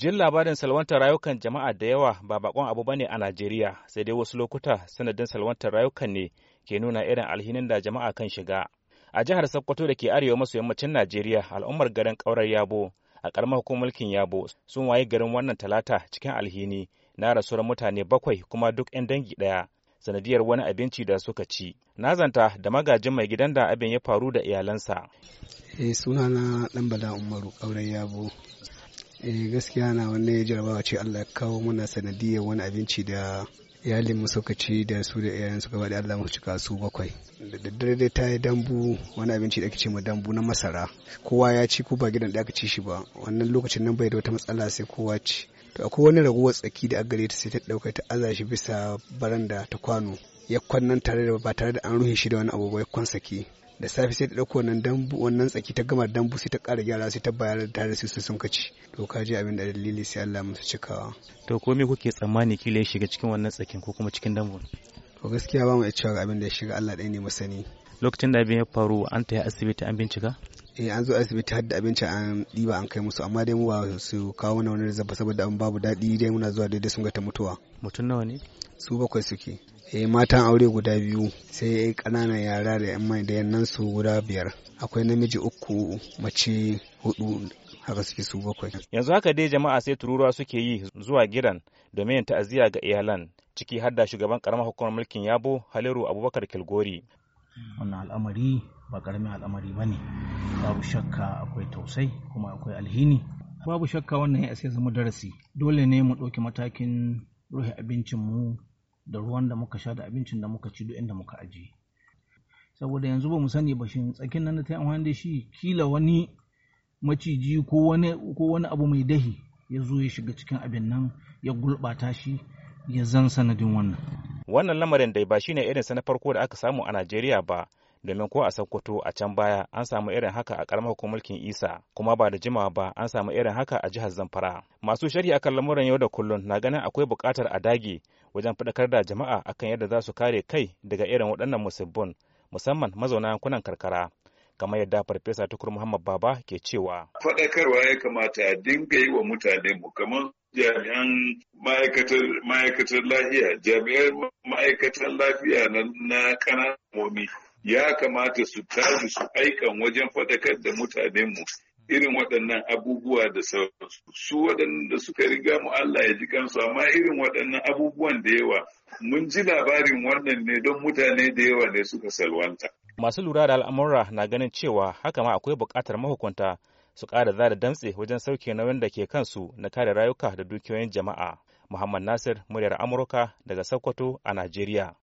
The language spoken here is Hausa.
Jin labarin salwantar rayukan jama'a da yawa ba bakon abu bane a Najeriya sai dai wasu lokuta sanadin salwantar rayukan ne ke nuna irin alhinin da jama'a kan shiga. A jihar Sokoto da ke arewa maso yammacin Najeriya al'ummar garin ƙaurar Yabo a karamar hukumulkin Yabo sun waye garin wannan talata cikin alhini na rasuwar mutane bakwai kuma duk 'yan dangi ɗaya sanadiyar wani abinci da suka ci. Na zanta da magajin mai gidan da abin ya faru da iyalansa. Eh na Ɗanbala Umaru ƙaurar Yabo. eh gaskiya na wannan jarabawa ce Allah ya kawo muna sanadiyar wani abinci da iyalin mu suka da su da iyayen su gaba da Allah mu cika su bakwai da daddare dai ta yi dambu wani abinci da ake ce mu dambu na masara kowa ya ci ko ba gidan da aka ci shi ba wannan lokacin nan bai da wata matsala sai kowa ci to akwai wani raguwar tsaki da gare ta sai ta dauka ta aza bisa baranda ta kwano ya kwannan tare da ba tare da an ruhe shi da wani abu ba ya kwan ke. da safe sai ta dauko wannan dambu wannan tsaki ta gama dambu sai ta ƙara gyara sai ta bayar da tare su sun kaci to ka ji abin da dalili sai Allah musu cikawa to ko me kuke tsammani kila ya shiga cikin wannan tsakin ko kuma cikin dambu to gaskiya ba mu iya cewa abin da ya shiga Allah ɗaya ne mu sani. lokacin da abin ya faru an ta asibiti an bincika eh an zo asibiti har da abinci an ɗiba an kai musu amma dai mu ba su kawo mana wani zaba saboda an babu daɗi dai muna zuwa daidai sun ga ta mutuwa mutum nawa ne su bakwai suke Eh, matan aure guda biyu sai ƙananan yara da 'yan da yannan su guda biyar akwai namiji uku mace hudu haka suke su bakwai yanzu haka dai jama'a sai tururuwa suke yi zuwa gidan domin ta'aziyya ga iyalan ciki har da shugaban karamar hukumar mulkin yabo haliru abubakar kilgori wannan al'amari ba karamin al'amari ba ne babu shakka akwai tausai kuma akwai alhini babu shakka wannan ya sai zama darasi dole ne mu ɗauki matakin rufe abincinmu da ruwan da muka sha da abincin da muka ci duk inda muka ajiye saboda yanzu ba mu sani ba shin tsakin nan da ta amfani da shi kila wani maciji ko wani ko wani abu mai dahi ya zo ya shiga cikin abin nan ya gulɓata shi ya zan sanadin wannan wannan lamarin dai ba shine irin sa na farko da aka samu a Najeriya ba domin ko a Sokoto a can baya an samu irin haka a karamar hukumulkin Isa kuma ba da jimawa ba an samu irin haka a jihar Zamfara. Masu sharhi akan lamuran yau da kullum na ganin akwai buƙatar a dage wajen faɗakar da jama'a akan yadda za su kare kai daga irin waɗannan musibbun musamman mazauna yankunan karkara. kamar yadda farfesa tukur muhammad baba ke cewa faɗakarwa ya kamata a dinga yi wa mutane mu kamar jami'an ma'aikatar lafiya jami'an ma'aikatar lafiya na ƙananan momi ya kamata su tashi su aikan wajen faɗakar da mutanenmu irin waɗannan abubuwa da sauransu su waɗanda suka riga mu Allah ya ji kansu amma irin waɗannan abubuwan da yawa mun ji labarin wannan ne don mutane da yawa ne suka salwanta. Masu lura da al'amura na ganin cewa haka ma akwai buƙatar mahukunta su ƙara da damtse wajen sauke nauyin da ke kansu na kare rayuka da dukiyoyin jama'a. Muhammad Nasir, muryar Amurka daga Sokoto a Najeriya.